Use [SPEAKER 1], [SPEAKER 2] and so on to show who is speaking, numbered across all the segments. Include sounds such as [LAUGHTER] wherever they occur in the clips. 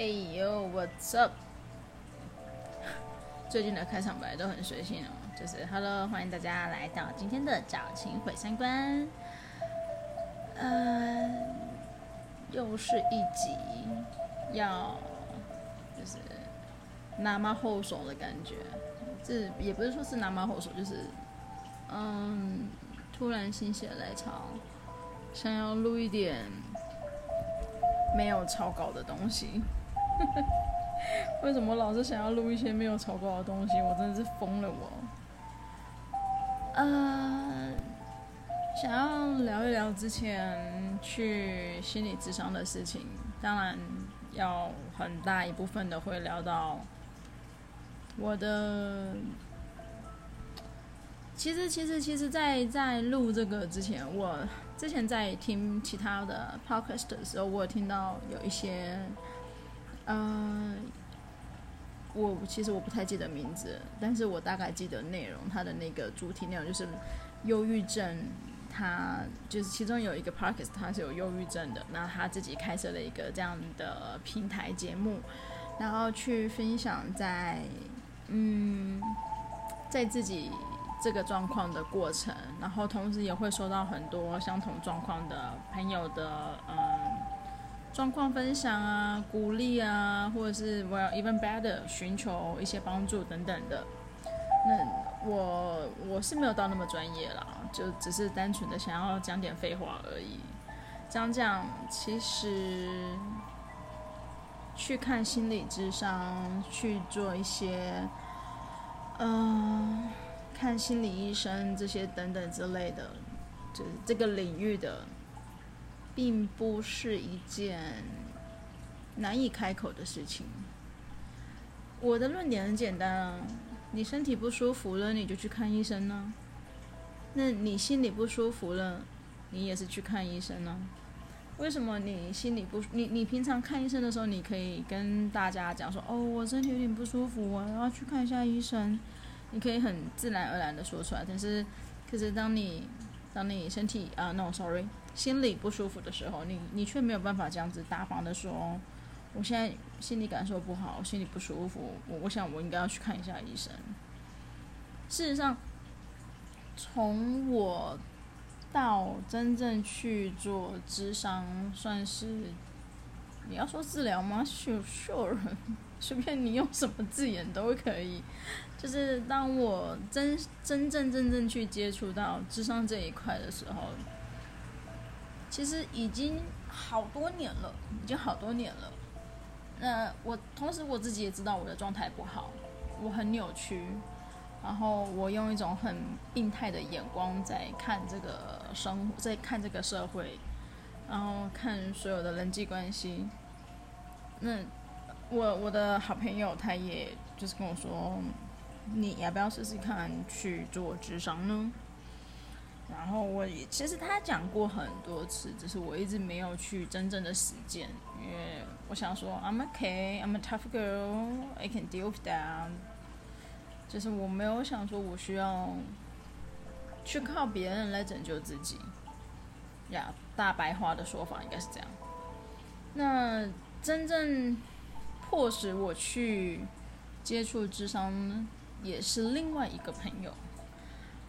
[SPEAKER 1] 哎呦、hey，What's up？ 最近的開場白都很隨性哦，就是 Hello，歡迎大家來到今天的早情毀三觀。嗯、呃，又是一集要就是拿馬後手的感覺，這也不是說是拿馬後手，就是嗯，突然心血來潮，想要錄一點沒有草稿的東西。 [LAUGHS] 為什麼老是想要錄一些沒有炒過的東西？我真的是瘋了我！我、uh, 想要聊一聊之前去心理諮商的事情。當然，要很大一部分的會聊到我的。其實，其實，其實在，在在錄這個之前，我之前在聽其他的 podcast 的時候，我有聽到有一些。嗯，uh, 我其實我不太記得名字，但是我大概記得內容。他的那個主題內容就是憂鬱症，他就是其中有一個 Parkes 他是有憂鬱症的，那他自己開設了一個這樣的平台節目，然後去分享在嗯，在自己這個狀況的過程，然後同時也會收到很多相同狀況的朋友的嗯。狀況分享啊，鼓勵啊，或者是我、well, 要 even better，尋求一些幫助等等的。那我我是沒有到那麼專業啦，就只是單純的想要講點廢話而已。講講，其實去看心理諮商，去做一些嗯、呃，看心理醫生這些等等之類的，就是這個領域的，並不是一件難以開口的事情。我的論點很簡單啊，你身體不舒服了，你就去看醫生呢、啊；那你心裡不舒服了，你也是去看醫生呢、啊。為什麼你心裡不？你你平常看醫生的時候，你可以跟大家講說：“哦，我身體有點不舒服，我要去看一下醫生。”你可以很自然而然的說出來。但是，可是當你當你身體啊，no, sorry。心裡不舒服的時候，你你卻沒有辦法這樣子大方的說，我現在心理感受不好，我心裡不舒服，我,我想我應該要去看一下醫生。事實上，從我到真正去做諮商，算是你要說治療嗎？Sure，隨便你用什麼字眼都可以。就是當我真真正真正去接觸到諮商這一塊的時候。其實已經好多年了，已經好多年了。那我同時我自己也知道我的狀態不好，我很扭曲，然後我用一種很病態的眼光在看這個生活，在看這個社會，然後看所有的人際關係。那我我的好朋友他也就是跟我說，你要不要試試看去做諮商呢？然後我也，其實他講過很多次，只是我一直沒有去真正的實踐，因為我想說 I'm okay, I'm a tough girl, I can deal with that。就是我沒有想說我需要去靠別人來拯救自己，呀、yeah，大白話的說法應該是這樣。那真正迫使我去接觸諮商，也是另外一個朋友。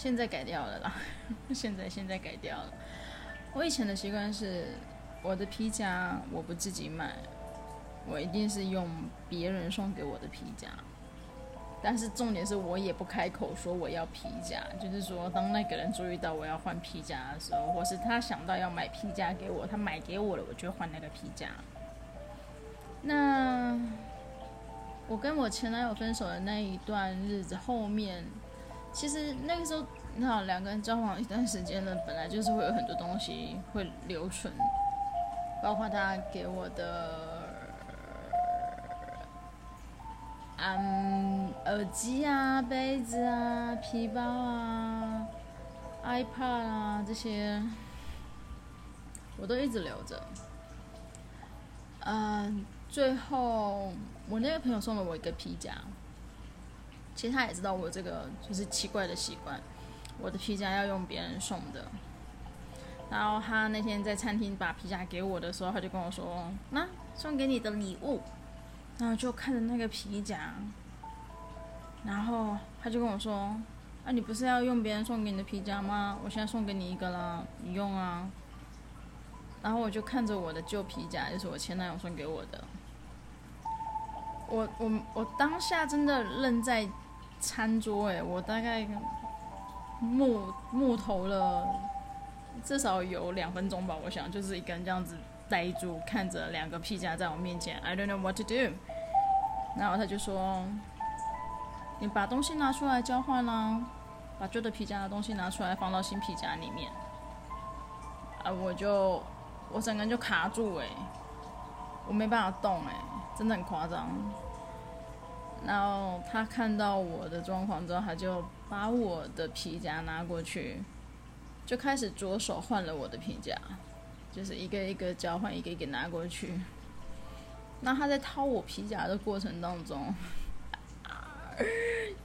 [SPEAKER 1] 現在改掉了啦，現在現在改掉了。我以前的習慣是，我的皮夾我不自己買，我一定是用別人送給我的皮夾。但是重點是我也不開口說我要皮夾，就是說當那個人注意到我要換皮夾的時候，或是他想到要買皮夾給我，他買給我了，我就換那個皮夾。那我跟我前男友分手的那一段日子後面。其實那個時候，那兩個人交往一段時間了，本來就是會有很多東西會留存，包括他給我的、嗯、耳機啊、杯子啊、皮包啊、iPad 啊這些，我都一直留着。嗯，最後我那個朋友送了我一個皮夾。其實他也知道我這個就是奇怪的習慣，我的皮夾要用別人送的。然後他那天在餐廳把皮夾給我的時候，他就跟我說：“那，啊，送給你的禮物。”然後就看着那個皮夾，然後他就跟我說：“那，啊，你不是要用別人送給你的皮夾嗎？我現在送給你一個了，你用啊。”然後我就看着我的舊皮夾，就是我前男友送給我的。我我我當下真的愣在餐桌哎，我大概木木頭了，至少有兩分鐘吧。我想就是一個人這樣子呆住，看着兩個皮夾在我面前，I don't know what to do。然後他就說：“你把東西拿出來交換啦，把舊的皮夾的東西拿出來放到新皮夾裡面。”啊，我就我整個人就卡住哎，我沒辦法動哎。真的很誇張。然後他看到我的狀況之後，他就把我的皮夾拿過去，就開始着手換了我的皮夾，就是一個一個交換，一個一個拿過去。那他在掏我皮夾的過程當中，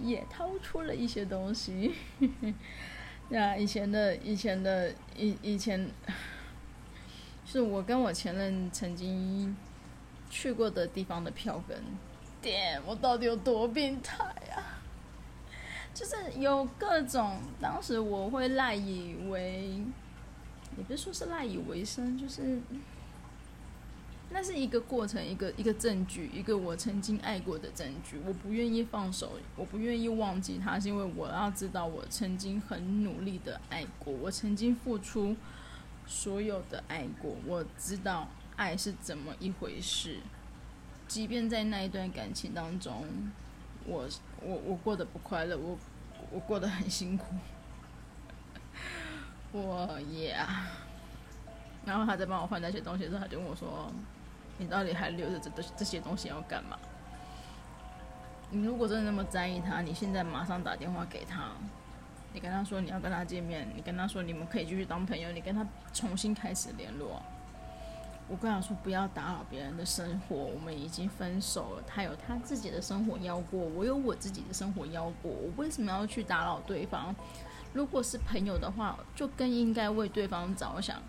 [SPEAKER 1] 也掏出了一些東西，對啊。那以前的以前的以以前，是我跟我前任曾經。去過的地方的票根，點，我到底有多變態啊？就是有各種，當時我會賴以為，也不是說是賴以為生，就是那是一個過程，一個一個證據，一個我曾經愛過的證據。我不願意放手，我不願意忘記他，是因為我要知道我曾經很努力的愛過，我曾經付出所有的愛過，我知道。愛是怎麼一回事？即便在那一段感情當中，我我我過得不快樂，我我過得很辛苦，我耶、yeah。然後他在幫我換那些東西的時候，他就跟我說：“你到底還留着這這些東西要幹嘛？你如果真的那麼在意他，你現在馬上打電話給他，你跟他說你要跟他見面，你跟他說你們可以繼續當朋友，你跟他重新開始聯絡。”我跟他說：“不要打擾別人的生活，我們已經分手了。他有他自己的生活要過，我有我自己的生活要過。我為什麼要去打擾對方？如果是朋友的話，就更應該為對方着想。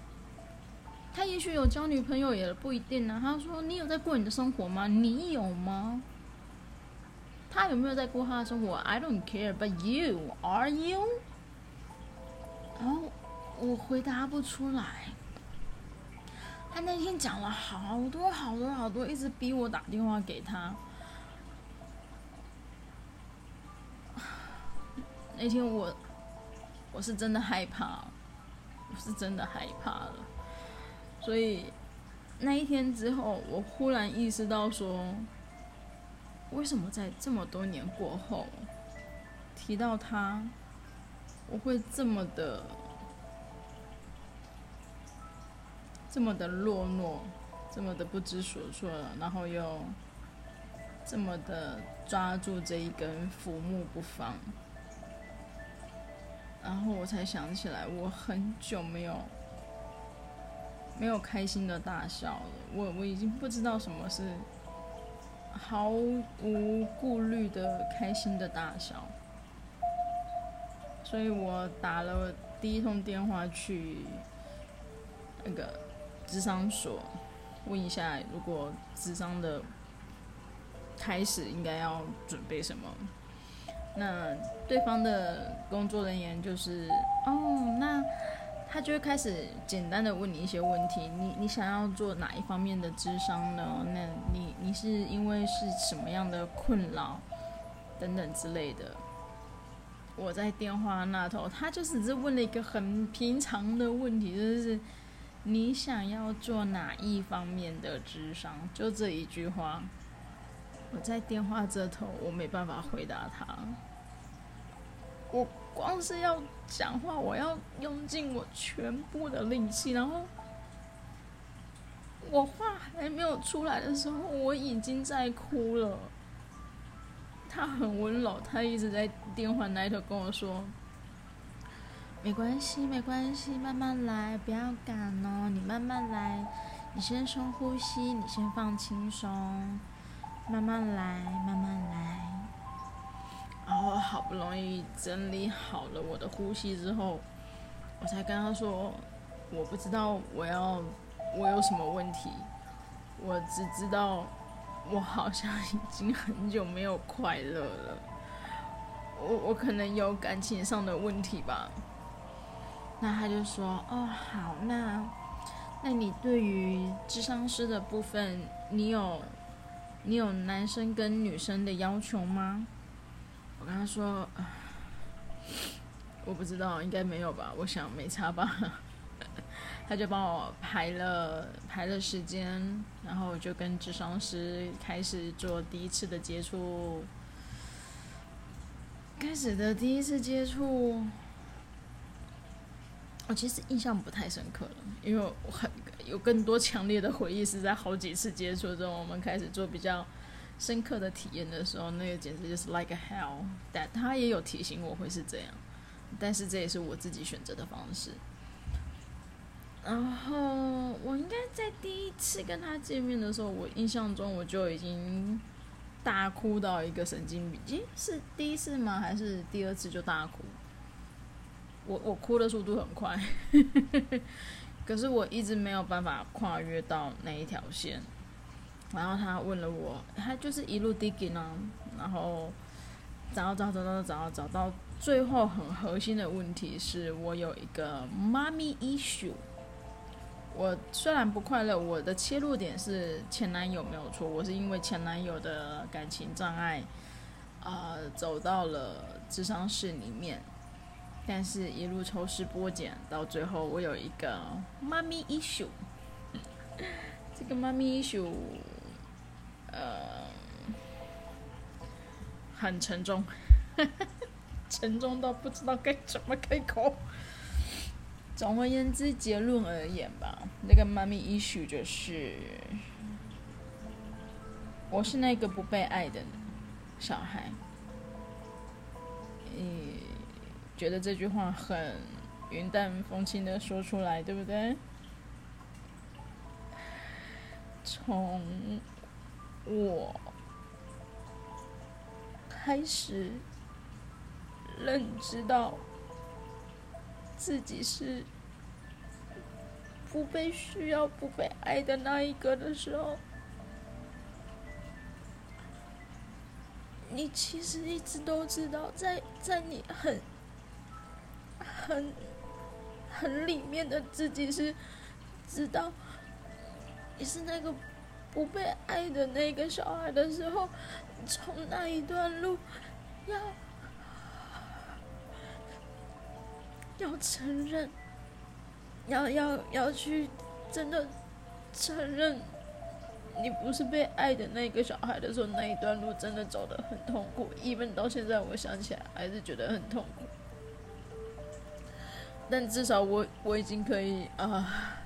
[SPEAKER 1] 他也許有交女朋友，也不一定啊。他說：‘你有在過你的生活嗎？你有嗎？’他有沒有在過他的生活？I don't care, but you are you。然後我回答不出來。”他那天講了好多好多好多，一直逼我打電話給他。那天我我是真的害怕，我是真的害怕了。所以那一天之後，我忽然意識到說，為什麼在這麼多年過後，提到他，我會這麼的。這麼的落寞，這麼的不知所措了，然後又這麼的抓住這一根浮木不放，然後我才想起來，我很久沒有沒有開心的大笑了，我我已經不知道什麼是毫無顧慮的開心的大笑，所以我打了第一通電話去那個。諮商所，問一下，如果諮商的開始應該要準備什麼？那對方的工作人員就是哦，那他就會開始簡單的問你一些問題。你你想要做哪一方面的諮商呢？那你你是因為是什麼樣的困擾等等之類的。我在電話那頭，他就是只是問了一個很平常的問題，就是。你想要做哪一方面的諮商？就這一句話，我在電話這頭，我沒辦法回答他。我光是要講話，我要用盡我全部的力氣，然後我話還沒有出來的時候，我已經在哭了。他很溫柔，他一直在電話那頭、er、跟我說。沒關係，沒關係，慢慢來，不要趕哦。你慢慢來，你先深呼吸，你先放輕鬆，慢慢來，慢慢來。然後、哦、好不容易整理好了我的呼吸之後，我才跟他說：“我不知道我要我有什麼問題，我只知道我好像已經很久沒有快樂了。我我可能有感情上的問題吧。”那他就說：“哦，好，那，那你對於諮商師的部分，你有，你有男生跟女生的要求嗎？”我跟他說：“我不知道，應該沒有吧？我想沒差吧。 [LAUGHS] ”他就幫我排了排了時間，然後我就跟諮商師開始做第一次的接觸，開始的第一次接觸。我其實印象不太深刻了，因為我很有更多強烈的回憶是在好幾次接觸中，我們開始做比較深刻的體驗的時候，那個簡直就是 like a hell。但他也有提醒我會是這樣，但是這也是我自己選擇的方式。然後我應該在第一次跟他見面的時候，我印象中我就已經大哭到一個神經病。咦，是第一次嗎？還是第二次就大哭？我我哭的速度很快， [LAUGHS] 可是我一直沒有辦法跨越到那一條線。然後他問了我，他就是一路 digging 啊，然後找到找找找找找到最後很核心的問題是我有一個媽咪 issue。我雖然不快樂，我的切入點是前男友沒有錯，我是因為前男友的感情障礙，呃，走到了諮商室裡面。但是，一路抽絲剝繭，到最後我有一個媽咪 issue，這個媽咪 issue，呃，很沉重， [LAUGHS] 沉重到不知道該怎麼開口。總而言之，結論而言吧，那個媽咪 issue 就是，我是那個不被愛的小孩，嗯。覺得這句話很雲淡風輕的說出來，對不對？從我開始認知到自己是不被需要、不被愛的那一個的時候，你其實一直都知道，在在你很。很很裡面的自己是知道你是那個不被愛的那個小孩的時候，從那一段路要要承認，要要要去真的承認你不是被愛的那個小孩的時候，那一段路真的走得很痛苦，even 到現在，我想起來還是覺得很痛苦。但至少我我已經可以啊，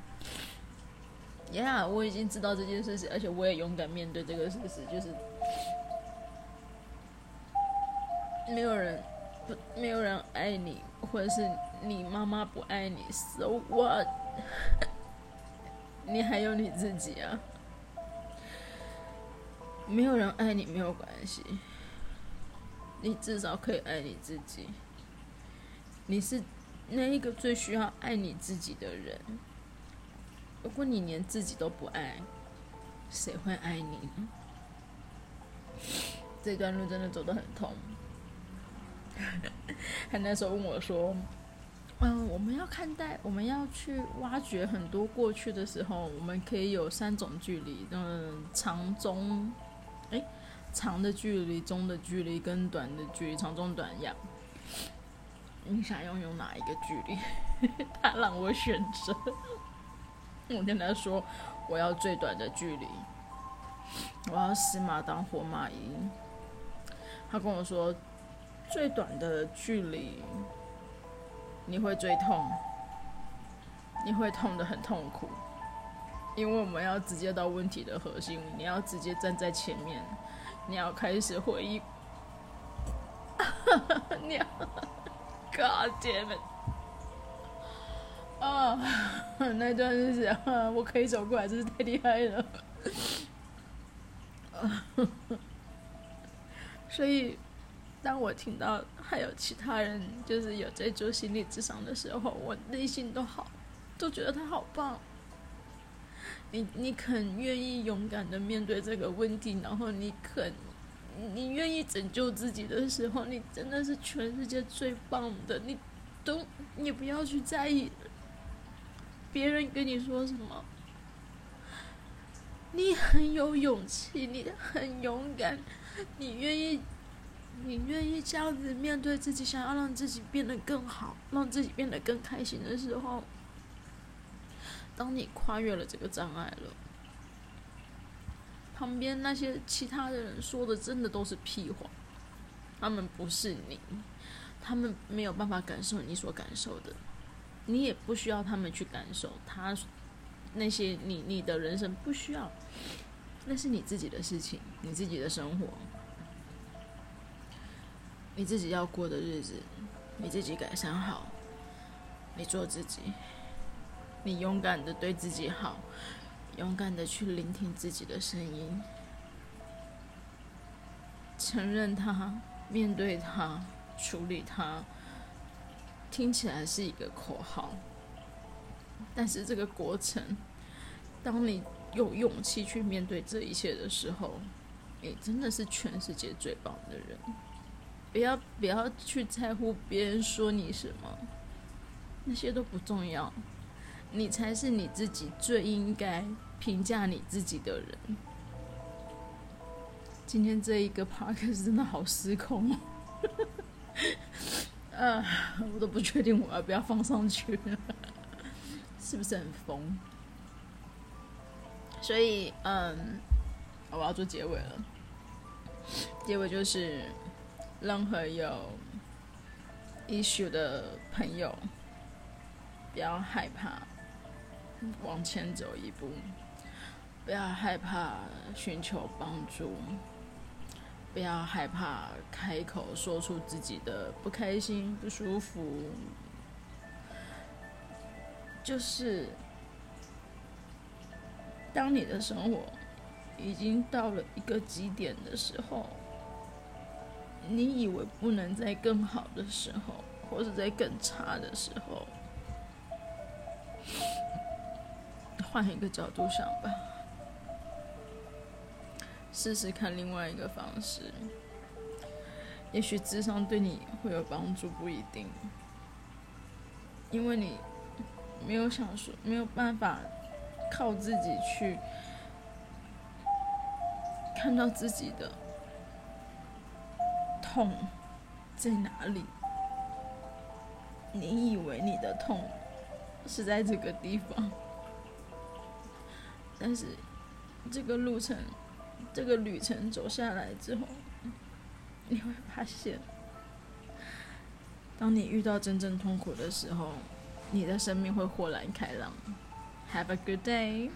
[SPEAKER 1] 呀、呃，yeah, 我已經知道這件事，而且我也勇敢面對這個事實，就是沒有人不沒有人愛你，或者是你媽媽不愛你，so what？ [LAUGHS] 你還有你自己啊，沒有人愛你沒有關係，你至少可以愛你自己，你是。那一個最需要愛你自己的人。如果你連自己都不愛，誰會愛你？這段路真的走得很痛。他 [LAUGHS] 那時候問我說：“嗯、呃，我們要看待，我們要去挖掘很多過去的時候，我們可以有三種距離：嗯、呃，長、中，誒，長的距離、中的距離跟短的距離，長中短樣。”你想擁有哪一個距離？他 [LAUGHS] 讓我選擇。我跟他說：“我要最短的距離。”我要死馬當活馬醫。他跟我說：“最短的距離，你會最痛，你會痛得很痛苦，因為我們要直接到問題的核心。你要直接站在前面，你要開始回憶。 [LAUGHS] ”你要。God damn it！啊、uh,，那段日子，Uh, 我可以走過來，真是太厲害了。Uh, [LAUGHS] 所以，當我聽到還有其他人就是有在做心理諮商的時候，我內心都好，都覺得他好棒。你，你肯願意勇敢的面對這個問題，然後你肯。你願意拯救自己的時候，你真的是全世界最棒的。你都，你不要去在意別人跟你說什麼。你很有勇氣，你很勇敢，你願意，你願意這樣子面對自己，想要讓自己變得更好，讓自己變得更開心的時候，當你跨越了這個障礙了。旁邊那些其他的人說的真的都是屁話，他們不是你，他們沒有辦法感受你所感受的，你也不需要他們去感受他那些你你的人生不需要，那是你自己的事情，你自己的生活，你自己要過的日子，你自己改善好，你做自己，你勇敢的對自己好。勇敢的去聆聽自己的聲音，承認他，面對他，處理他。聽起來是一個口號，但是這個過程，當你有勇氣去面對這一切的時候，你真的是全世界最棒的人。不要不要去在乎別人說你什麼，那些都不重要。你才是你自己最應該評價你自己的人。今天這一個 park 是真的好失控，呃，我都不確定我要不要放上去，是不是很瘋？所以，嗯，我要做結尾了。結尾就是，任何有 issue 的朋友，不要害怕。往前走一步，不要害怕尋求幫助，不要害怕開口說出自己的不開心、不舒服。就是當你的生活已經到了一個極點的時候，你以為不能再更好的時候，或是再更差的時候。換一個角度想吧，試試看另外一個方式。也許諮商對你會有幫助，不一定，因為你沒有想說，沒有辦法靠自己去看到自己的痛在哪裡。你以為你的痛是在這個地方？但是，這個路程，這個旅程走下來之後，你會發現，當你遇到真正痛苦的時候，你的生命會豁然開朗。Have a good day.